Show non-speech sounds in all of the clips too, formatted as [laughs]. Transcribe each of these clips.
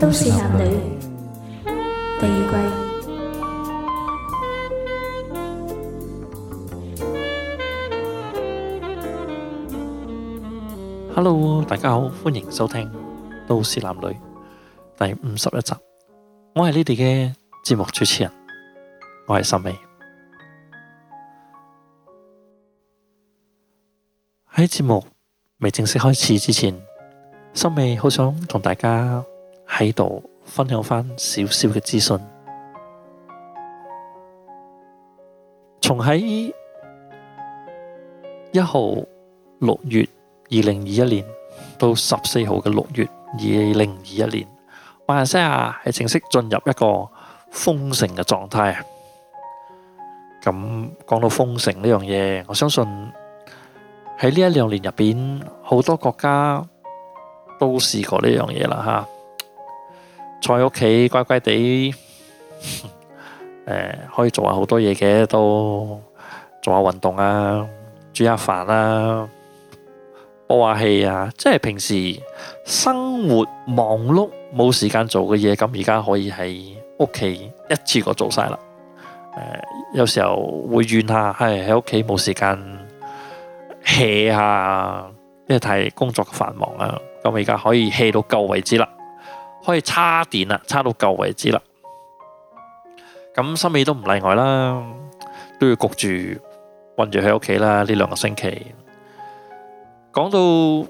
都市男女第二季，Hello，大家好，歡迎收聽《都市男女》第五十一集，我係你哋嘅節目主持人，我係心美。喺節目未正式開始之前，心美好想同大家喺度分享翻少少嘅資訊，從喺一號六月二零二一年到十四號嘅六月二零二一年，馬來西亞係正式進入一個封城嘅狀態。咁講到封城呢樣嘢，我相信喺呢一兩年入邊，好多國家都試過呢樣嘢啦，吓。坐喺屋企乖乖地，誒，可以做下好多嘢嘅，都做下運動啊，煮下飯啊，煲下戲啊，即係平時生活忙碌冇時間做嘅嘢，咁而家可以喺屋企一次過做晒啦。誒，有時候會怨下，係喺屋企冇時間 hea 下，因為太工作繁忙啦。咁而家可以 hea 到夠為止啦。可以叉電啦，叉到夠為止啦。咁，心美都唔例外啦，都要焗住混住喺屋企啦。呢兩個星期，講到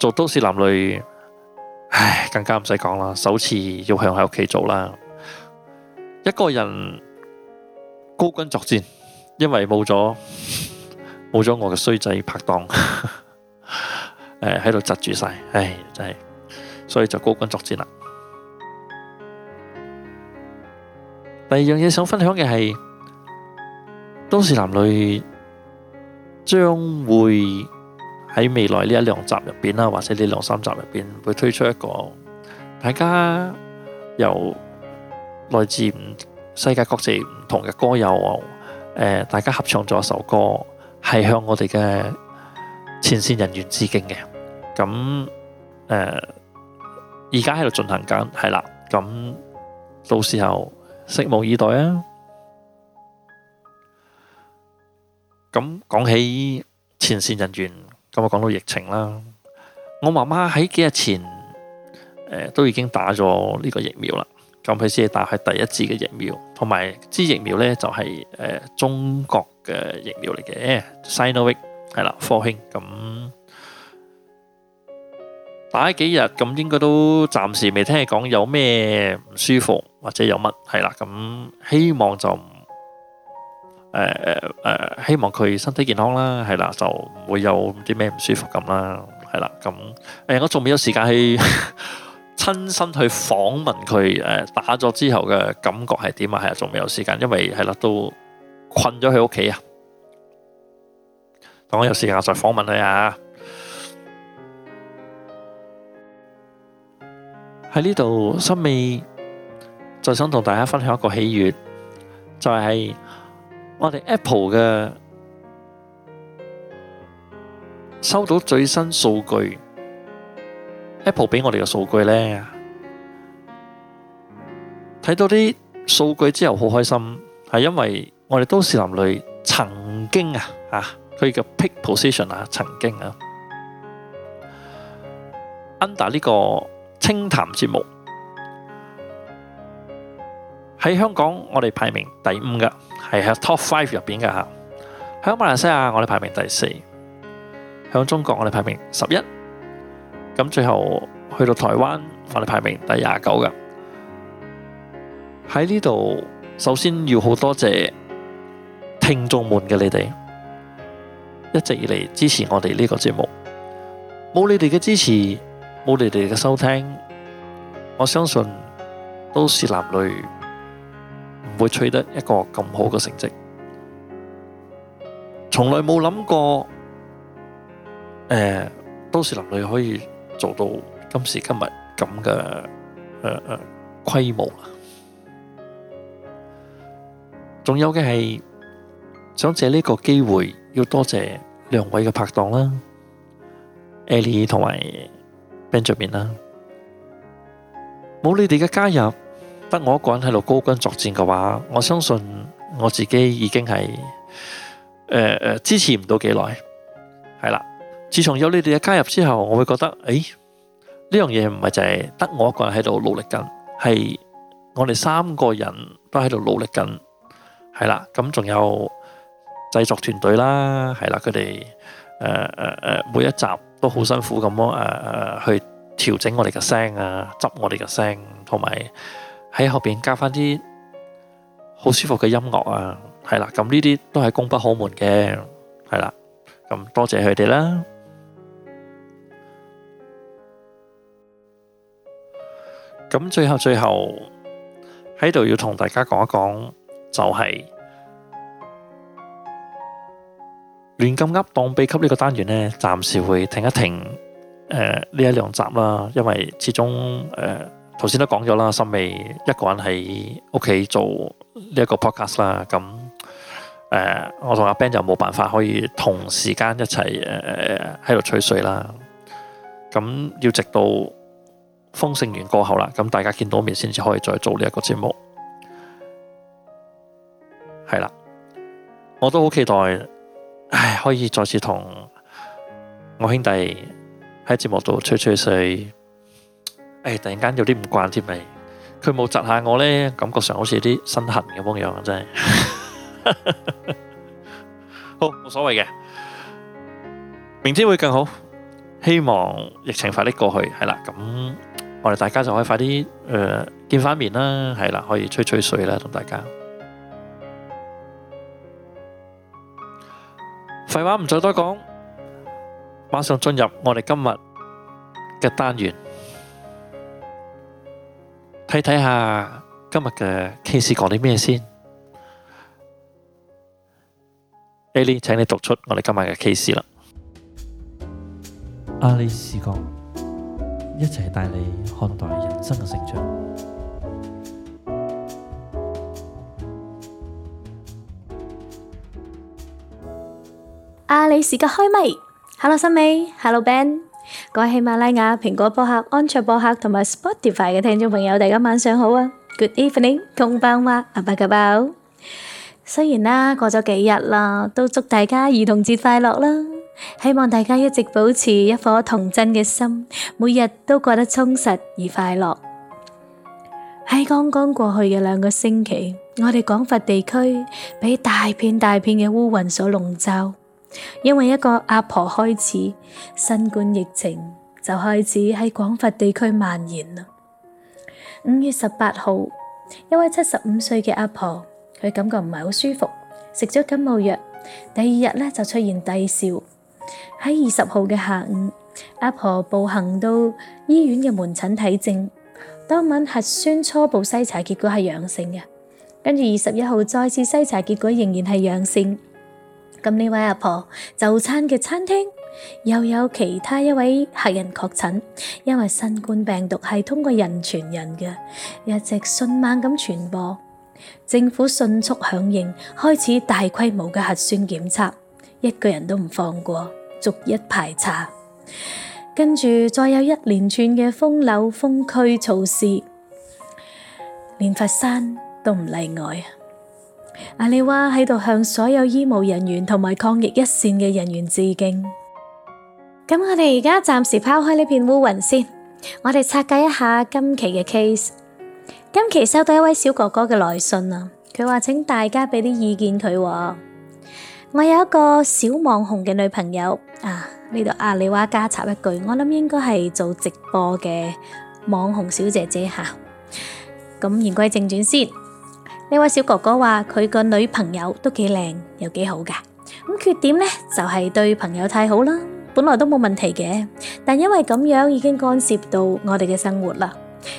做都市男女，唉，更加唔使講啦，首次要向喺屋企做啦。一個人孤軍作戰，因為冇咗冇咗我嘅衰仔拍檔，誒，喺度窒住晒，唉，真係。所以就孤軍作戰啦。第二樣嘢想分享嘅係，都市男女將會喺未來呢一兩集入邊啦，或者呢兩三集入邊會推出一個大家由來自世界各地唔同嘅歌友誒、呃，大家合唱咗一首歌，係向我哋嘅前線人員致敬嘅。咁誒。呃而家喺度進行緊，係啦，咁到時候拭目以待啊！咁講起前線人員，咁啊講到疫情啦，我媽媽喺幾日前誒、呃、都已經打咗呢個疫苗啦，咁佢先係打開第一支嘅疫苗，同埋支疫苗咧就係、是、誒、呃、中國嘅疫苗嚟嘅，Sinovac 係啦，科興咁。打幾日咁，應該都暫時未聽你講有咩唔舒服或者有乜係啦。咁希望就誒誒、呃呃、希望佢身體健康啦。係啦，就唔會有啲咩唔舒服咁啦。係啦，咁誒、欸、我仲未有時間去 [laughs] 親身去訪問佢誒、呃、打咗之後嘅感覺係點啊？係啊，仲未有時間，因為係啦都困咗喺屋企啊。等我有時間再訪問你啊！喺呢度，心美，就想同大家分享一個喜悅，就係、是、我哋 Apple 嘅收到最新數據，Apple 俾我哋嘅數據呢，睇到啲數據之後好開心，係因為我哋都市男女曾經啊，啊佢嘅 peak position 啊，曾經啊，under 呢、這個。清談節目喺香港，我哋排名第五㗎，係喺 Top Five 入邊㗎吓。喺馬來西亞，我哋排名第四；喺中國，我哋排名十一。咁最後去到台灣，我哋排名第二十九㗎。喺呢度，首先要好多謝聽眾們嘅你哋，一直以嚟支持我哋呢個節目，冇你哋嘅支持，冇你哋嘅收聽，我相信都市男女唔會取得一個咁好嘅成績。從來冇諗過，誒，都市男女可以做到今時今日咁嘅，誒誒規模啦。仲有嘅係想借呢個機會，要多謝兩位嘅拍檔啦，Ellie 同埋。Benjamin 啦！冇你哋嘅加入，得我一個人喺度孤軍作戰嘅話，我相信我自己已經係誒誒支持唔到幾耐。係啦，自從有你哋嘅加入之後，我會覺得誒呢樣嘢唔係淨係得我一個人喺度努力緊，係我哋三個人都喺度努力緊。係啦，咁仲有製作團隊啦，係啦，佢哋誒誒誒每一集。都好辛苦咁樣誒去調整我哋嘅聲啊，執我哋嘅聲，同埋喺後邊加翻啲好舒服嘅音樂啊，係啦，咁呢啲都係功不可沒嘅，係啦，咁多謝佢哋啦。咁 [music] 最後最後喺度要同大家講一講，就係、是。亂咁噏當秘笈，呢個單元呢，暫時會停一停，誒、呃，呢一兩集啦，因為始終誒，頭先都講咗啦，因為一個人喺屋企做呢一個 podcast 啦，咁、嗯、誒、呃，我同阿 Ben 就冇辦法可以同時間一齊誒喺度吹水啦，咁、嗯、要直到封城完過後啦，咁、嗯、大家見到面先至可以再做呢一個節目，係啦，我都好期待。唉，可以再次同我兄弟喺節目度吹吹水。唉，突然間有啲唔慣添，咪佢冇窒下我咧，感覺上好似啲身痕咁樣樣，真係。 [laughs] 好冇所謂嘅，明天會更好。希望疫情快啲過去。係啦，咁我哋大家就可以快啲誒、呃、見翻面啦。係啦，可以吹吹水啦，同大家。廢話唔再多講，馬上進入我哋今日嘅單元，睇睇下今日嘅 case 講啲咩先。Ali，請你讀出我哋今日嘅 case 啦。阿麗視角一齊帶你看待人生嘅成長。阿李時嘅開咪，Hello 森美，Hello Ben，各位喜馬拉雅、蘋果播客、安卓播客同埋 Spotify 嘅聽眾朋友，大家晚上好啊！Good evening，共話阿八九包。雖然啦，過咗幾日啦，都祝大家兒童節快樂啦！希望大家一直保持一顆童真嘅心，每日都過得充實而快樂。喺剛剛過去嘅兩個星期，我哋廣佛地區俾大片大片嘅烏雲所籠罩。因為一個阿婆開始，新冠疫情就開始喺廣佛地區蔓延啦。五月十八號，一位七十五歲嘅阿婆，佢感覺唔係好舒服，食咗感冒藥，第二日咧就出現低燒。喺二十號嘅下午，阿婆步行到醫院嘅門診睇症，當晚核酸初步篩查結果係陽性嘅，跟住二十一號再次篩查結果仍然係陽性。咁呢位阿婆就餐嘅餐廳又有其他一位客人確診，因為新冠病毒係通過人傳人嘅，一直迅猛咁傳播。政府迅速響應，開始大規模嘅核酸檢測，一個人都唔放過，逐一排查。跟住再有一連串嘅封樓封區措施，連佛山都唔例外啊！阿里娃喺度向所有醫務人員同埋抗疫一線嘅人員致敬。咁我哋而家暫時拋開呢片烏雲先，我哋拆解一下今期嘅 case。今期收到一位小哥哥嘅來信啊，佢話請大家俾啲意見佢。我有一個小網紅嘅女朋友啊，呢度阿里娃加插一句，我諗應該係做直播嘅網紅小姐姐吓。咁，啊，言歸正傳先。呢位小哥哥話佢個女朋友都幾靚，又幾好㗎。咁缺點呢，就係對朋友太好啦。本來都冇問題嘅，但因為咁樣已經干涉到我哋嘅生活啦。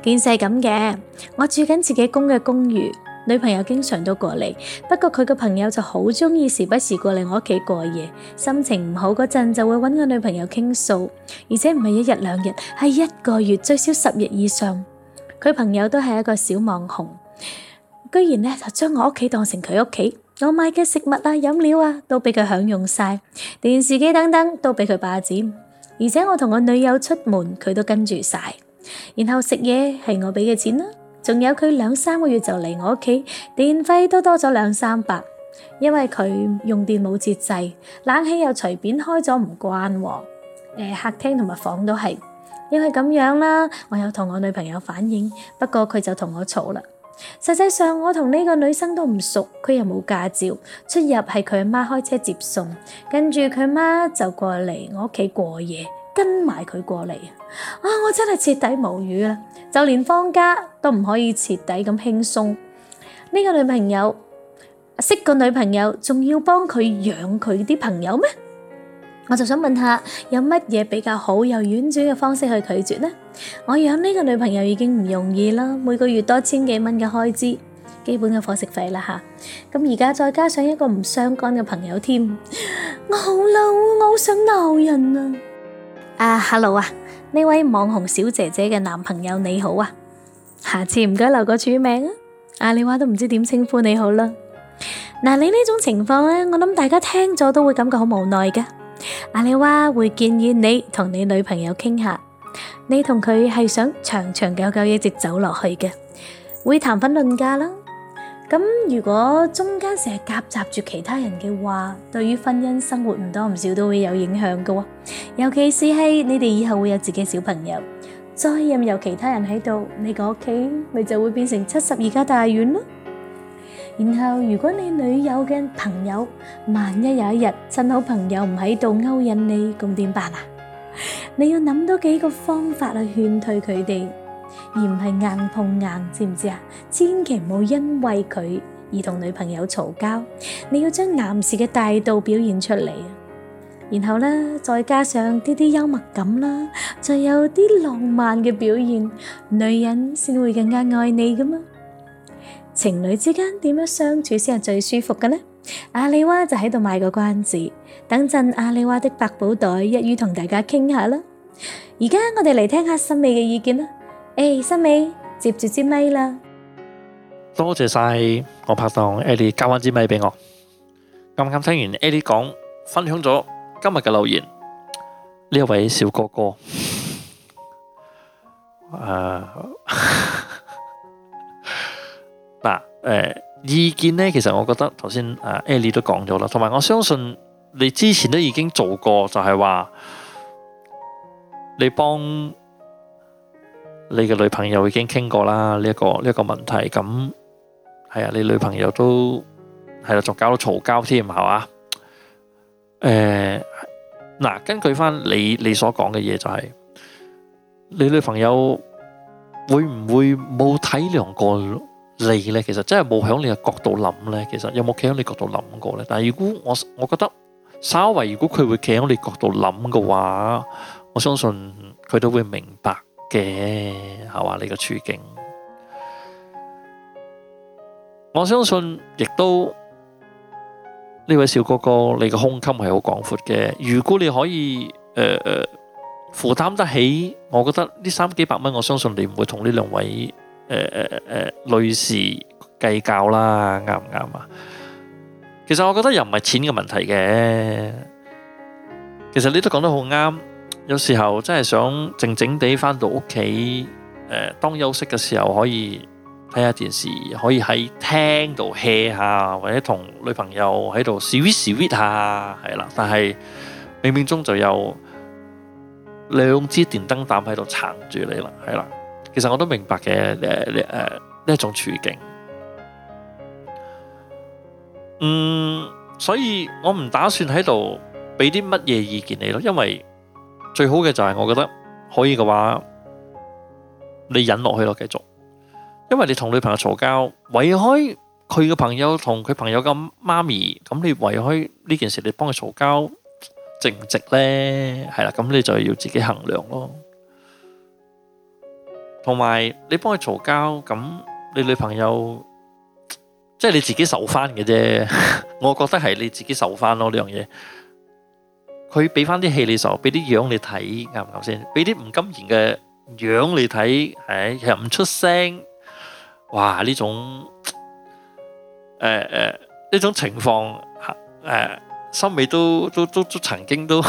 件事係咁嘅，我住緊自己供嘅公寓，女朋友經常都過嚟。不過佢個朋友就好中意時不時過嚟我屋企過夜，心情唔好嗰陣就會搵我女朋友傾訴，而且唔係一日兩日，係一個月最少十日以上。佢朋友都係一個小網紅。居然咧就將我屋企當成佢屋企，我買嘅食物啊、飲料啊都俾佢享用晒，電視機等等都俾佢霸佔，而且我同我女友出門佢都跟住晒，然後食嘢係我俾嘅錢啦，仲有佢兩三個月就嚟我屋企，電費都多咗兩三百，因為佢用電冇節制，冷氣又隨便開咗唔關，誒客廳同埋房都係，因為咁樣啦，我有同我女朋友反映，不過佢就同我吵啦。實際上我同呢個女生都唔熟，佢又冇駕照，出入係佢阿媽開車接送，跟住佢媽就過嚟我屋企過夜，跟埋佢過嚟啊！我真係徹底無語啦，就連放假都唔可以徹底咁輕鬆。呢個女朋友，識個女朋友仲要幫佢養佢啲朋友咩？我就想問下，有乜嘢比較好，又婉轉嘅方式去拒絕呢？我養呢個女朋友已經唔容易啦，每個月多千幾蚊嘅開支，基本嘅伙食費啦吓。咁而家再加上一個唔相關嘅朋友添，我好嬲啊，我好想鬧人啊。啊，Hello 啊，呢位網紅小姐姐嘅男朋友你好啊，下次唔該留個署名啊。啊，你話都唔知點稱呼你好啦。嗱，你呢種情況咧，我諗大家聽咗都會感覺好無奈㗎。阿里娃會建議你同你女朋友傾下，你同佢係想長長久久一直走落去嘅，會談婚論嫁啦。咁如果中間成日夾雜住其他人嘅話，對於婚姻生活唔多唔少都會有影響㗎喎。尤其是係你哋以後會有自己小朋友，再任由其他人喺度，你個屋企咪就會變成七十二家大院咯。然後如果你女友嘅朋友，萬一有一日趁好朋友唔喺度勾引你，咁點辦啊？你要諗多幾個方法去勸退佢哋，而唔係硬碰硬，知唔知啊？千祈唔好因為佢而同女朋友嘈交，你要將男士嘅大度表現出嚟啊！然後咧，再加上啲啲幽默感啦，再有啲浪漫嘅表現，女人先會更加愛你噶嘛。情侶之間點樣相處先係最舒服嘅呢？阿里娃就喺度賣個關子，等陣阿里娃的百寶袋一於同大家傾下啦。而家我哋嚟聽下森美嘅意見啦。誒、欸，森美接住支咪，咪啦，多謝晒我拍檔 Eddy 交翻支咪俾我。啱啱聽完 Eddy 講，分享咗今日嘅留言，呢 [laughs] 位小哥哥，誒、呃。誒、呃，意見咧，其實我覺得頭先誒，Ellie 都講咗啦，同埋我相信你之前都已經做過，就係話你幫你嘅女朋友已經傾過啦、這個，呢一個呢一個問題，咁係啊，你女朋友都係啦，仲、啊、搞到嘈交添，係嘛、啊？誒、呃，嗱、啊，根據翻你你所講嘅嘢，就係你女朋友會唔會冇體諒過？你咧，其實真係冇喺你嘅角度諗咧，其實有冇企喺你角度諗過咧？但係如果我，我覺得稍為，如果佢會企喺你角度諗嘅話，我相信佢都會明白嘅，係話你個處境，我相信亦都呢位小哥哥，哥，你個胸襟係好廣闊嘅。如果你可以誒誒、呃呃、負擔得起，我覺得呢三幾百蚊，我相信你唔會同呢兩位。誒誒誒，女士計較啦，啱唔啱啊？其實我覺得又唔係錢嘅問題嘅，其實你都講得好啱。有時候真係想靜靜地翻到屋企，誒、呃，當休息嘅時候可以睇下電視，可以喺廳度歇下，或者同女朋友喺度 sweet sweet 下，係啦。但係冥冥中就有兩支電燈膽喺度撐住你啦，係啦。其實我都明白嘅，誒，呢，誒，呢一種處境。嗯，所以我唔打算喺度俾啲乜嘢意見你咯，因為最好嘅就係我覺得可以嘅話，你忍落去咯，繼續。因為你同女朋友嘈交，為開佢嘅朋友同佢朋友嘅媽咪，咁你為開呢件事，你幫佢嘈交，值唔值呢？係啦，咁你就要自己衡量咯。同埋你幫佢嘈交，咁你女朋友即係你自己受翻嘅啫。我覺得係你自己受翻咯，呢樣嘢。佢俾翻啲氣你受，俾啲樣你睇啱唔啱先？俾啲唔甘然嘅樣你睇，唉又唔出聲。哇！呢種誒誒呢種情況，誒心美都都都都曾經都。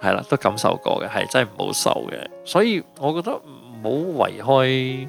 係啦，都感受過嘅，係真係唔好受嘅，所以我覺得唔好為開誒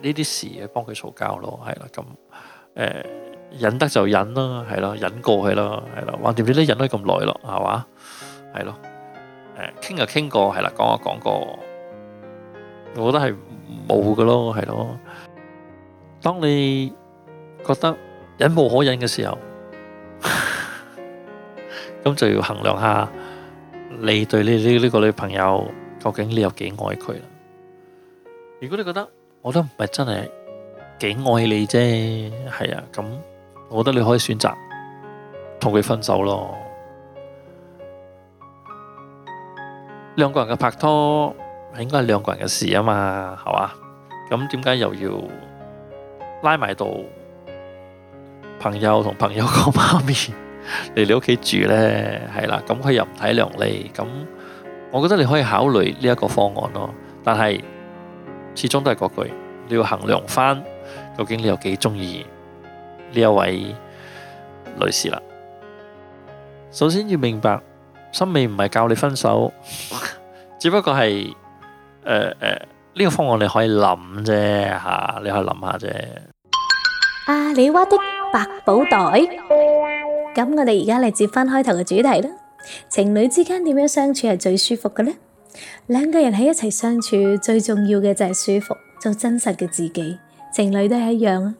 呢啲事去幫佢吵交咯，係啦咁，誒忍得就忍咯，係咯忍過去咯，係咯，橫掂你都忍咗咁耐咯，係嘛，係咯，誒傾就傾過，係啦講就講過，我覺得係冇嘅咯，係咯，當你覺得忍無可忍嘅時候，咁就要衡量下。你對你呢呢個女朋友，究竟你有幾愛佢啦？如果你覺得我都唔係真係幾愛你啫，係啊，咁我覺得你可以選擇同佢分手咯。兩個人嘅拍拖係應該係兩個人嘅事啊嘛，係嘛？咁點解又要拉埋度？朋友同朋友講媽咪嚟你屋企住咧，係啦，咁佢又唔體諒你，咁我覺得你可以考慮呢一個方案咯，但係始終都係嗰句，你要衡量翻究竟你有幾中意呢一位女士啦。首先要明白，心未唔係教你分手， [laughs] 只不過係誒誒呢個方案你可以諗啫吓，你可以諗下啫。阿李娃的百寶袋。咁我哋而家嚟接返開頭嘅主題啦，情侶之間點樣相處係最舒服嘅呢？兩個人喺一齊相處最重要嘅就係舒服，做真實嘅自己，情侶都係一樣啊！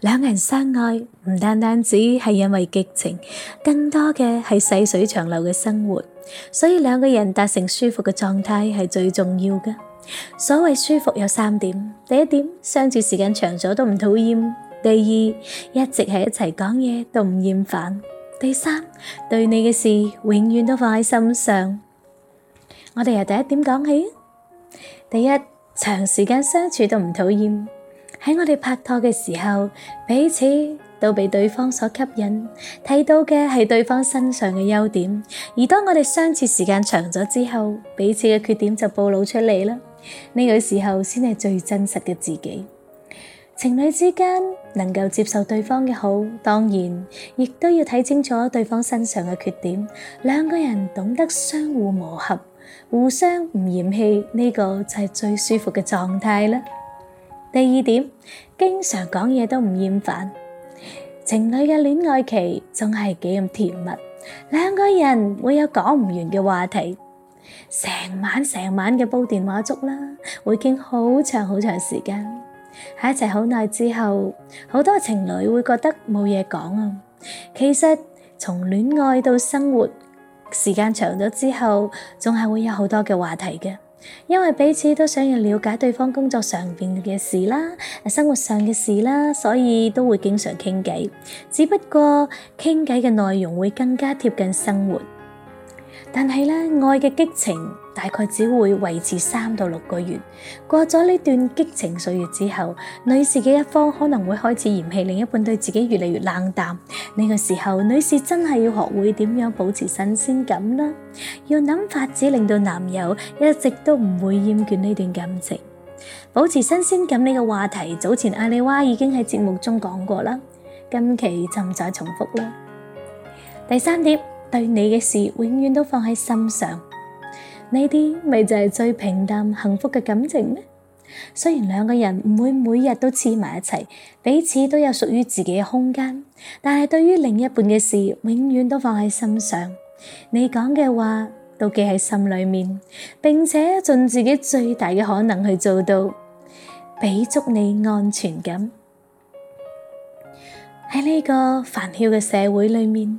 兩個人相愛唔單單只係因為激情，更多嘅係細水長流嘅生活，所以兩個人達成舒服嘅狀態係最重要㗎。所謂舒服有三點：第一點，相處時間長咗都唔討厭。第二一直喺一齊講嘢都唔厭煩。第三，對你嘅事永遠都放喺心上。我哋由第一點講起。第一，長時間相處都唔討厭。喺我哋拍拖嘅時候，彼此都被對方所吸引，睇到嘅係對方身上嘅優點。而當我哋相處時間長咗之後，彼此嘅缺點就暴露出嚟啦。呢個時候先係最真實嘅自己。情侶之間。能夠接受對方嘅好，當然亦都要睇清楚對方身上嘅缺點。兩個人懂得相互磨合，互相唔嫌棄，呢、呢個就係最舒服嘅狀態啦。第二點，經常講嘢都唔厭煩。情侶嘅戀愛期仲係幾咁甜蜜，兩個人會有講唔完嘅話題，成晚成晚嘅煲電話粥啦，會傾好長好長時間。喺一齊好耐之後，好多情侶會覺得冇嘢講啊。其實從戀愛到生活，時間長咗之後，總係會有好多嘅話題嘅。因為彼此都想要了解對方工作上邊嘅事啦，生活上嘅事啦，所以都會經常傾偈。只不過傾偈嘅內容會更加貼近生活，但係咧，愛嘅激情。大概只會維持三到六個月。過咗呢段激情歲月之後，女士嘅一方可能會開始嫌棄另一半對自己越嚟越冷淡。呢、這個時候，女士真係要學會點樣保持新鮮感啦，要諗法子令到男友一直都唔會厭倦呢段感情，保持新鮮感呢個話題早前阿麗娃已經喺節目中講過啦，今期就唔再重複啦。第三點，對你嘅事永遠都放喺心上。呢啲咪就係最平淡幸福嘅感情咩？雖然兩個人唔會每日都黐埋一齊，彼此都有屬於自己嘅空間，但係對於另一半嘅事，永遠都放喺心上。你講嘅話都記喺心裏面，並且盡自己最大嘅可能去做到，俾足你安全感。喺呢個煩囂嘅社會裏面。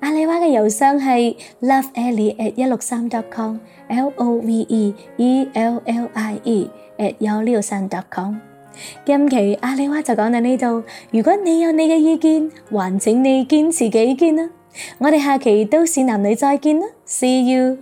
阿里娃嘅郵箱係 loveellie@163.com，L-O-V-E-E-L-L-I-E@163.com 今期阿里娃就講到呢度，如果你有你嘅意見，還請你堅持己見啦。我哋下期都市男女再見啦，See you。